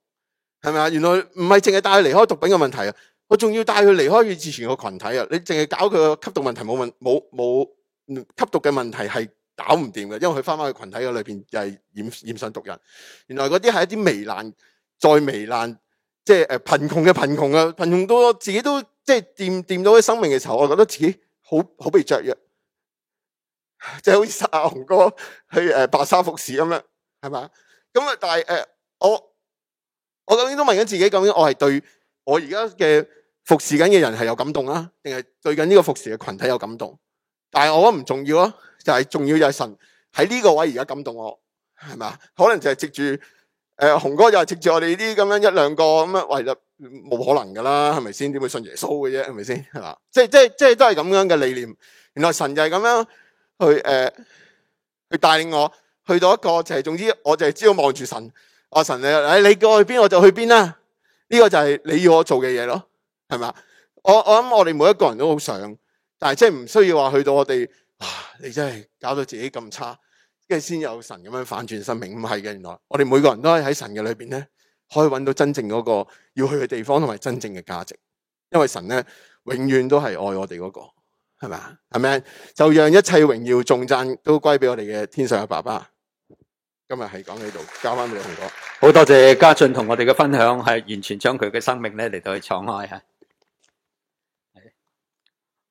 係咪啊？原來唔係淨係帶佢離開毒品嘅問題啊，我仲要帶佢離開佢之前個群體啊！你淨係搞佢個吸毒問題冇問冇冇吸毒嘅問題係搞唔掂嘅，因為佢翻翻去群體嘅裏邊又係染染上毒癮。原來嗰啲係一啲微難。再微難，即係誒貧窮嘅貧窮啊，貧窮到我自己都即係掂掂到啲生命嘅時候，我覺得自己好好被雀躍，即、就、係、是、好似阿紅哥去誒、呃、白沙服侍咁樣，係嘛？咁啊，但係誒、呃、我我究竟都問緊自己，究竟我係對我而家嘅服侍緊嘅人係有感動啊？定係對緊呢個服侍嘅群體有感動？但係我覺得唔重要啊，就係、是、重要就係神喺呢個位而家感動我，係嘛？可能就係藉住。誒，洪、呃、哥就係藉住我哋啲咁樣一兩個咁啊，其實冇可能噶啦，係咪先？點會信耶穌嘅啫，係咪先？係嘛？即係即係即係都係咁樣嘅理念。原來神就係咁樣去誒、呃，去帶領我去到一個就係，總之我就係只要望住神，阿神你、就、你、是、你叫我去邊我就去邊啦。呢、這個就係你要我做嘅嘢咯，係咪？我我諗我哋每一個人都好想，但係即係唔需要話去到我哋啊，你真係搞到自己咁差。先有神咁樣反轉生命，唔係嘅。原來我哋每個人都係喺神嘅裏邊咧，可以搵到真正嗰個要去嘅地方同埋真正嘅價值。因為神咧永遠都係愛我哋嗰個，係嘛，係咪？就讓一切榮耀頌讚都歸俾我哋嘅天上嘅爸爸。今日係講喺度，交翻俾洪哥。好多謝嘉俊同我哋嘅分享，係完全將佢嘅生命咧嚟到去敞開吓。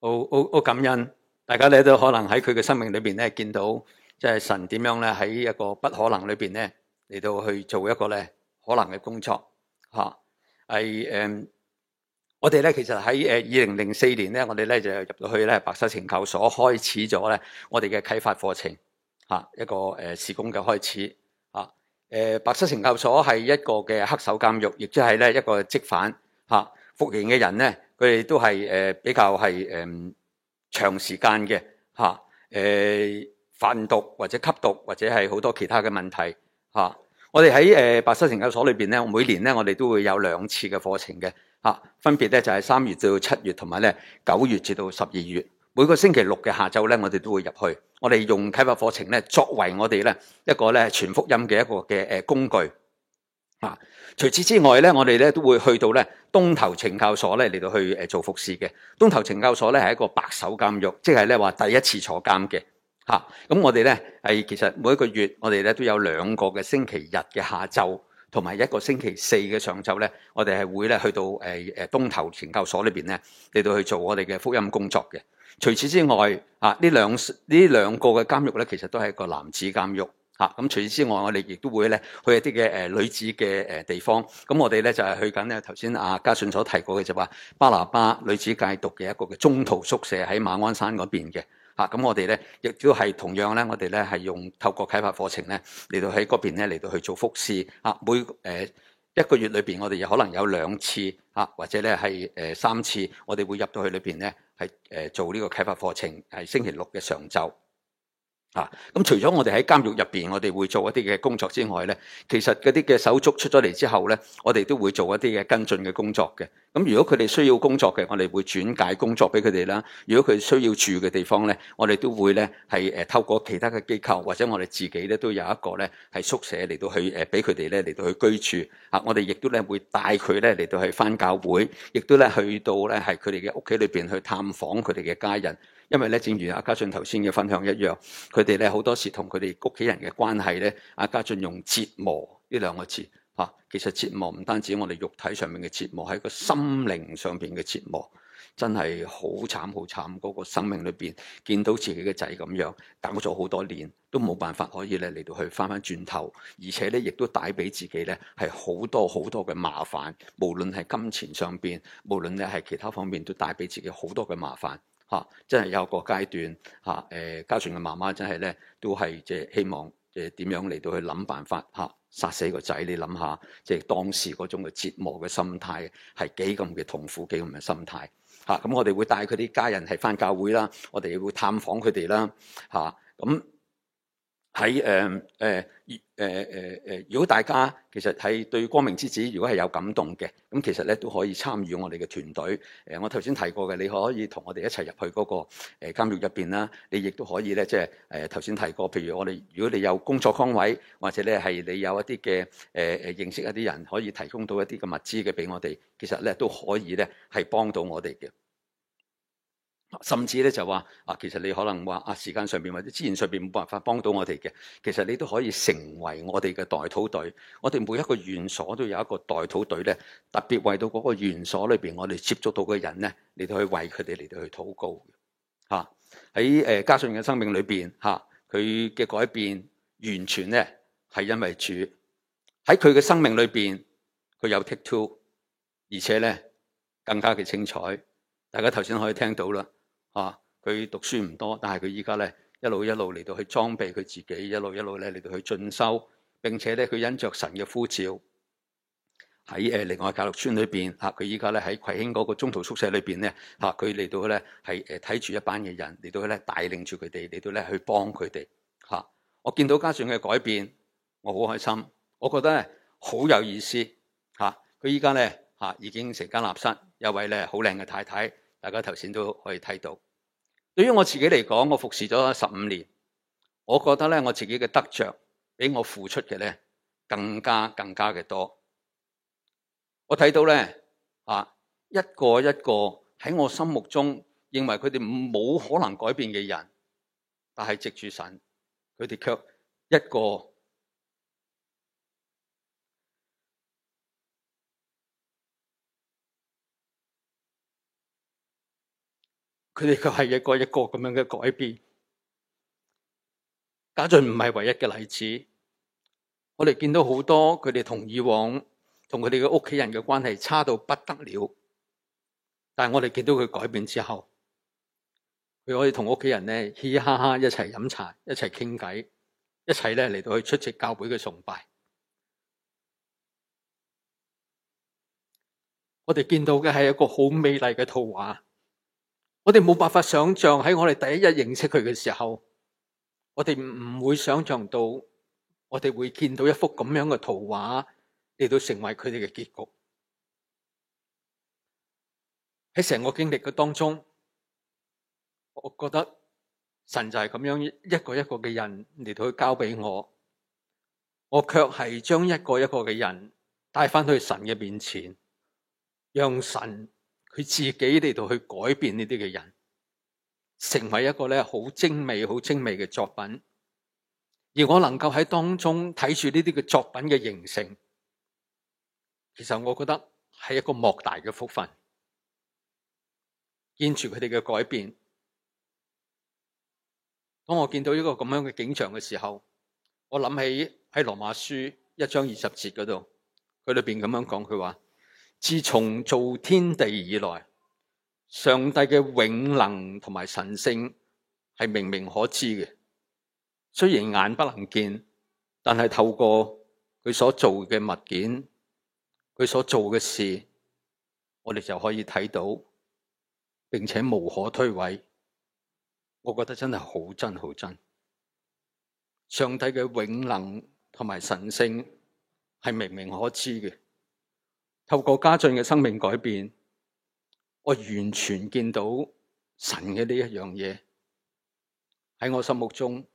好好好感恩，大家咧都可能喺佢嘅生命裏邊咧見到。即係神點樣咧喺一個不可能裏邊咧嚟到去做一個咧可能嘅工作嚇，係誒我哋咧其實喺誒二零零四年咧我哋咧就入到去咧白石懲教所開始咗咧我哋嘅啟發課程嚇、啊、一個誒、呃、事工嘅開始嚇誒、啊啊、白石懲教所係一個嘅黑手監獄，亦即係咧一個積犯嚇服刑嘅人咧，佢哋都係誒、呃、比較係誒、呃、長時間嘅嚇誒。啊啊販毒或者吸毒或者係好多其他嘅問題嚇、啊，我哋喺誒白沙懲教所裏邊咧，每年咧我哋都會有兩次嘅課程嘅嚇、啊，分別咧就係、是、三月到七月同埋咧九月至到十二月，每個星期六嘅下晝咧，我哋都會入去，我哋用啟發課程咧作為我哋咧一個咧傳福音嘅一個嘅誒工具嚇、啊。除此之外咧，我哋咧都會去到咧東頭懲教所咧嚟到去誒做服侍嘅。東頭懲教所咧係一個白手監獄，即係咧話第一次坐監嘅。咁、啊、我哋咧其實每一個月，我哋咧都有兩個嘅星期日嘅下晝，同埋一個星期四嘅上晝咧，我哋係會咧去到誒誒、呃、東頭研究所裏面咧嚟到去做我哋嘅福音工作嘅。除此之外，啊呢兩呢兩個嘅監獄咧，其實都係一個男子監獄嚇。咁、啊啊、除此之外，我哋亦都會咧去一啲嘅、呃、女子嘅地方。咁我哋咧就係、是、去緊咧頭先阿嘉信所提過嘅就話巴拿巴女子戒毒嘅一個嘅中途宿舍喺馬鞍山嗰邊嘅。啊，咁我哋咧亦都係同樣咧，我哋咧係用透過啟發課程咧嚟到喺嗰邊咧嚟到去做服侍、啊。每一個月裏面，我哋可能有兩次、啊、或者咧係三次我，我哋會入到去裏面咧係做呢個啟發課程，係星期六嘅上晝。啊，咁、啊、除咗我哋喺監獄入面，我哋會做一啲嘅工作之外咧，其實嗰啲嘅手足出咗嚟之後咧，我哋都會做一啲嘅跟進嘅工作嘅。咁如果佢哋需要工作嘅，我哋會轉介工作俾佢哋啦。如果佢需要住嘅地方咧，我哋都會咧係誒透過其他嘅機構，或者我哋自己咧都有一個咧係宿舍嚟到去誒俾佢哋咧嚟到去居住。我哋亦都咧會帶佢咧嚟到去翻教會，亦都咧去到咧係佢哋嘅屋企裏邊去探訪佢哋嘅家人。因為咧，正如阿家俊頭先嘅分享一樣，佢哋咧好多時同佢哋屋企人嘅關係咧，阿家俊用折磨呢兩個字。啊，其實折磨唔單止我哋肉體上面嘅折磨，喺個心靈上邊嘅折磨，真係好慘好慘。嗰個生命裏邊見到自己嘅仔咁樣，搞咗好多年都冇辦法可以咧嚟到去翻翻轉頭，而且咧亦都帶俾自己咧係好多好多嘅麻煩。無論係金錢上邊，無論咧係其他方面，都帶俾自己好多嘅麻煩。嚇，真係有個階段嚇，誒，嘉順嘅媽媽真係咧都係即係希望，即係點樣嚟到去諗辦法嚇。殺死個仔，你諗下，即係當時嗰種嘅折磨嘅心，心態，係幾咁嘅痛苦，幾咁嘅心態。嚇，咁我哋會帶佢啲家人係返教會啦，我哋會探訪佢哋啦。嚇、啊，咁、嗯。喺誒誒誒誒誒，如果大家其實係對光明之子如果係有感動嘅，咁其實咧都可以參與我哋嘅團隊。誒，我頭先提過嘅，你可以同我哋一齊入去嗰個誒監獄入邊啦。你亦都可以咧，即係誒頭先提過，譬如我哋如果你有工作崗位，或者咧係你有一啲嘅誒誒認識一啲人，可以提供到一啲嘅物資嘅俾我哋，其實咧都可以咧係幫到我哋嘅。甚至咧就話啊，其實你可能話啊，時間上邊或者資源上邊冇辦法幫到我哋嘅，其實你都可以成為我哋嘅代禱隊。我哋每一個院所都有一個代禱隊咧，特別為到嗰個院所裏邊我哋接觸到嘅人咧，嚟到去為佢哋嚟到去禱告嘅。喺誒嘉信嘅生命裏邊嚇，佢、啊、嘅改變完全咧係因為主喺佢嘅生命裏邊，佢有 take two，而且咧更加嘅精彩。大家頭先可以聽到啦。啊！佢讀書唔多，但係佢依家咧一路一路嚟到去裝備佢自己，一路一路咧嚟到去進修，並且咧佢因着神嘅呼召喺誒，另、呃、外教育村裏邊啊，佢依家咧喺葵興嗰個中途宿舍裏邊咧，吓佢嚟到咧係誒睇住一班嘅人，嚟到咧帶領住佢哋，嚟到咧去幫佢哋。吓、啊，我見到家長嘅改變，我好開心，我覺得咧好有意思。吓、啊，佢依家咧吓已經成家立室，有位咧好靚嘅太太。大家頭先都可以睇到，對於我自己嚟講，我服侍咗十五年，我覺得咧我自己嘅得着比我付出嘅咧更加更加嘅多。我睇到咧一個一個喺我心目中認為佢哋冇可能改變嘅人，但係藉住神，佢哋卻一個。佢哋就係一個一個咁樣嘅改變。家俊唔係唯一嘅例子，我哋見到好多佢哋同以往同佢哋嘅屋企人嘅關係差到不得了，但係我哋見到佢改變之後，佢可以同屋企人咧嘻嘻哈哈一齊飲茶，一齊傾偈，一齊咧嚟到去出席教會嘅崇拜。我哋見到嘅係一個好美麗嘅圖畫。我哋冇辦法想象喺我哋第一日認識佢嘅時候，我哋唔會想象到我哋會見到一幅咁樣嘅圖畫嚟到成為佢哋嘅結局。喺成個經歷嘅當中，我覺得神就係咁樣一個一個嘅人嚟到交俾我，我卻係將一個一個嘅人帶翻去神嘅面前，讓神。佢自己嚟到去改變呢啲嘅人，成為一個咧好精美好精美嘅作品。而我能夠喺當中睇住呢啲嘅作品嘅形成，其實我覺得係一個莫大嘅福分。見住佢哋嘅改變，當我見到一個咁樣嘅景象嘅時候，我諗起喺羅馬書一章二十節嗰度，佢裏面咁樣講，佢話。自從造天地以來，上帝嘅永能同埋神聖係明明可知嘅。雖然眼不能見，但係透過佢所做嘅物件、佢所做嘅事，我哋就可以睇到，並且無可推諉。我覺得真係好真好真，上帝嘅永能同埋神聖係明明可知嘅。透過家俊嘅生命改變，我完全見到神嘅呢一樣嘢喺我心目中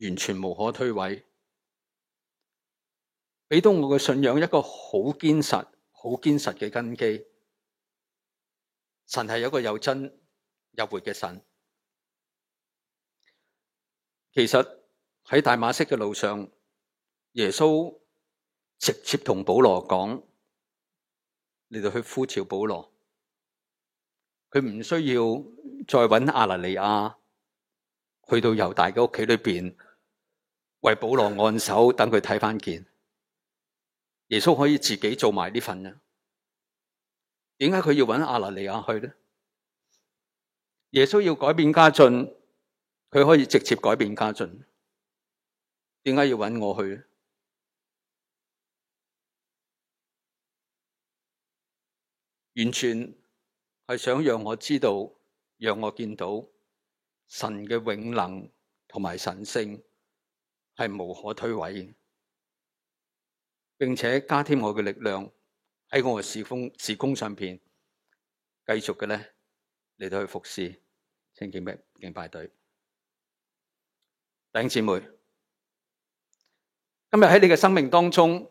完全無可推諉，俾到我嘅信仰一個好堅實、好堅實嘅根基。神係一個有真有活嘅神。其實喺大馬色嘅路上，耶穌。直接同保羅講，你就去呼召保羅，佢唔需要再揾亞拿尼亞去到猶大嘅屋企裏邊為保羅按手，等佢睇翻見。耶穌可以自己做埋呢份嘅，點解佢要揾亞拿尼亞去咧？耶穌要改變家進，佢可以直接改變家進，點解要揾我去咧？完全係想讓我知道，讓我見到神嘅永能同埋神性係無可推諉，並且加添我嘅力量喺我嘅事工事工上邊，繼續嘅咧嚟到去服事，請敬拜敬拜隊，弟兄姊妹，今日喺你嘅生命當中。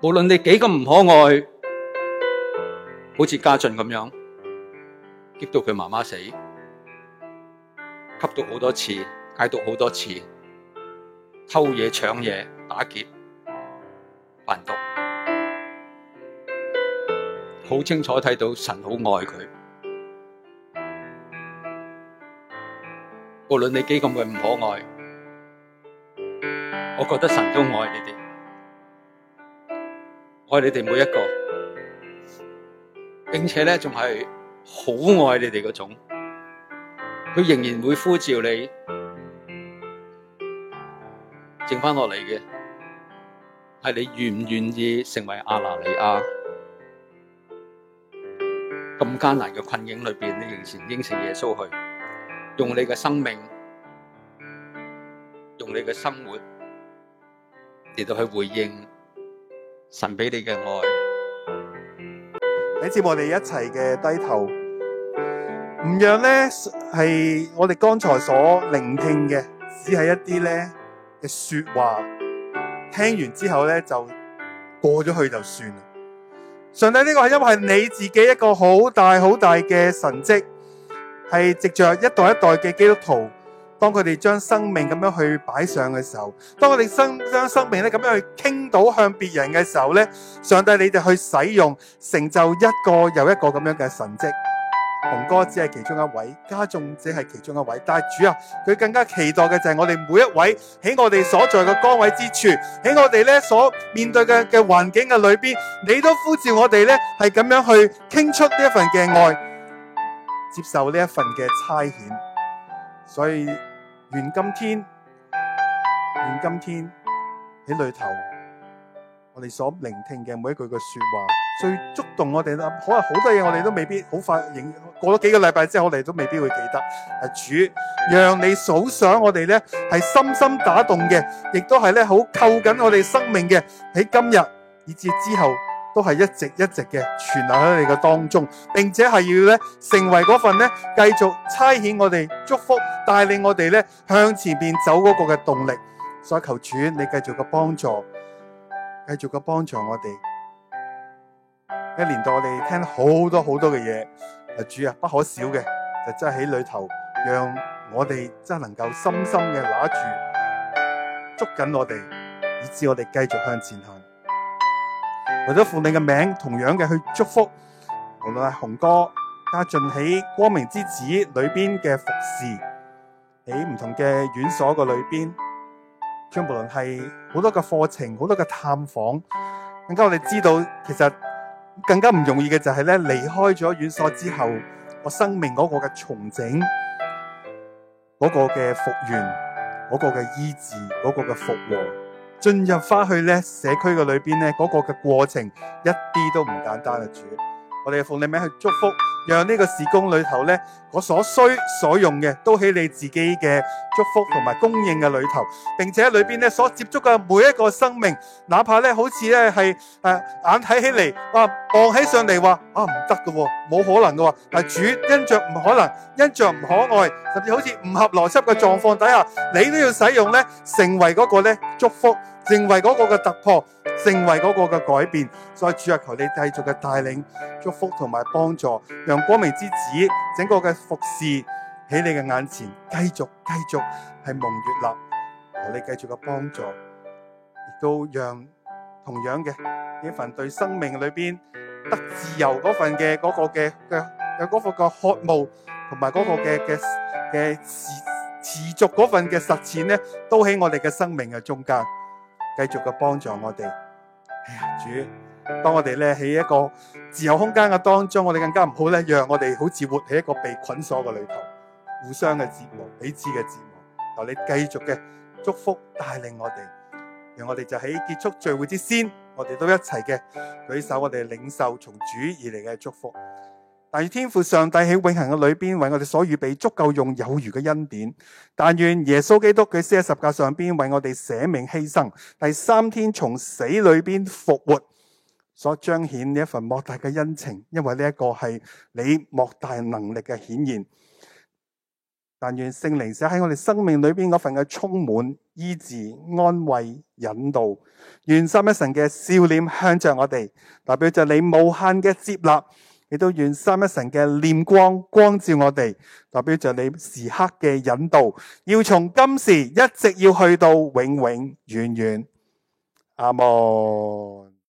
無論你幾咁唔可愛，好似家俊咁樣，激到佢媽媽死，吸毒好多次，戒毒好多次，偷嘢搶嘢打劫，販毒，好清楚睇到神好愛佢。無論你幾咁嘅唔可愛，我覺得神都愛你哋。愛你哋每一個，並且咧，仲係好愛你哋嗰種，佢仍然會呼召你剩翻落嚟嘅，係你願唔願意成為亞拿尼亞？咁艱難嘅困境裏邊，你仍然應承耶穌去，用你嘅生命，用你嘅生活，嚟到去回應。神俾你嘅愛，喺接我哋一齊嘅低頭，唔讓咧，係我哋剛才所聆聽嘅，只係一啲咧嘅說話，聽完之後咧就過咗去就算啦。上帝呢個係因為是你自己一個好大好大嘅神蹟，係藉着一代一代嘅基督徒。當佢哋將生命咁樣去擺上嘅時候，當佢哋生將生命咧咁樣去傾倒向別人嘅時候呢，上帝你哋去使用，成就一個又一個咁樣嘅神蹟。洪哥只係其中一位，家眾只係其中一位，但係主啊，佢更加期待嘅就係我哋每一位喺我哋所在嘅崗位之處，喺我哋呢所面對嘅嘅環境嘅裏邊，你都呼召我哋呢，係咁樣去傾出呢一份嘅愛，接受呢一份嘅差遣，所以。願今天，願今天喺裏頭，我哋所聆聽嘅每一句嘅說話，最觸動我哋啦。可能好多嘢我哋都未必好快，過咗幾個禮拜之後，我哋都未必會記得。主，讓你所想我哋咧，係深深打動嘅，亦都係咧好扣緊我哋生命嘅喺今日，以至之後。都係一直一直嘅存留喺你嘅當中，並且係要咧成為嗰份咧繼續差遣我哋祝福帶領我哋咧向前邊走嗰個嘅動力。所以求主，你繼續嘅幫助，繼續嘅幫助我哋。一年度我哋聽好多好多嘅嘢，啊主啊不可少嘅，就真係喺裏頭讓我哋真係能夠深深嘅拿住，捉緊我哋，以致我哋繼續向前行。為咗奉你嘅名，同樣嘅去祝福，無論係洪哥、家俊喺光明之子裏邊嘅服侍，喺唔同嘅院所嘅裏邊，無論係好多嘅課程、好多嘅探訪，更加我哋知道，其實更加唔容易嘅就係咧，離開咗院所之後，我生命嗰個嘅重整，嗰個嘅復原，嗰個嘅醫治，嗰個嘅復和。進入返去咧社區嘅裏面呢嗰、嗰個嘅過程一啲都唔簡單啊！主，我哋奉你名去祝福，讓呢個事工裏頭呢。我所需所用嘅，都喺你自己嘅祝福同埋供應嘅裏頭，並且裏邊咧所接觸嘅每一個生命，哪怕咧好似咧係誒眼睇起嚟，哇，望起上嚟話啊唔得嘅，冇可能嘅，係主因着唔可能，因着唔可愛，甚至好似唔合邏輯嘅狀況底下，你都要使用咧，成為嗰個咧祝福，成為嗰個嘅突破，成為嗰個嘅改變。所以主啊，求你繼續嘅帶領、祝福同埋幫助，讓光明之子整個嘅。服侍喺你嘅眼前，繼續繼續係蒙悅納，同你繼續嘅幫助，亦都讓同樣嘅呢份對生命裏邊得自由嗰份嘅嗰個嘅嘅有嗰個嘅渴慕，同埋嗰個嘅嘅嘅持持續嗰份嘅實踐咧，都喺我哋嘅生命嘅中間，繼續嘅幫助我哋，係啊主。當我哋咧喺一個自由空間嘅當中，我哋更加唔好咧，讓我哋好似活喺一個被捆鎖嘅裏頭，互相嘅折磨，彼此嘅折磨。求你繼續嘅祝福帶領我哋，讓我哋就喺結束聚會之先，我哋都一齊嘅舉手，我哋領受從主而嚟嘅祝福。但願天父上帝喺永恆嘅裏邊為我哋所預備足夠用有餘嘅恩典。但願耶穌基督佢死喺十架上邊為我哋捨命犧牲，第三天從死裏邊復活。所彰顯呢一份莫大嘅恩情，因為呢一個係你莫大能力嘅顯現。但願聖靈寫喺我哋生命裏邊嗰份嘅充滿醫治、安慰、引導。願三一神嘅笑臉向着我哋，代表着你無限嘅接納；亦都願三一神嘅念光光照我哋，代表着你時刻嘅引導，要從今時一直要去到永永遠遠。阿摩。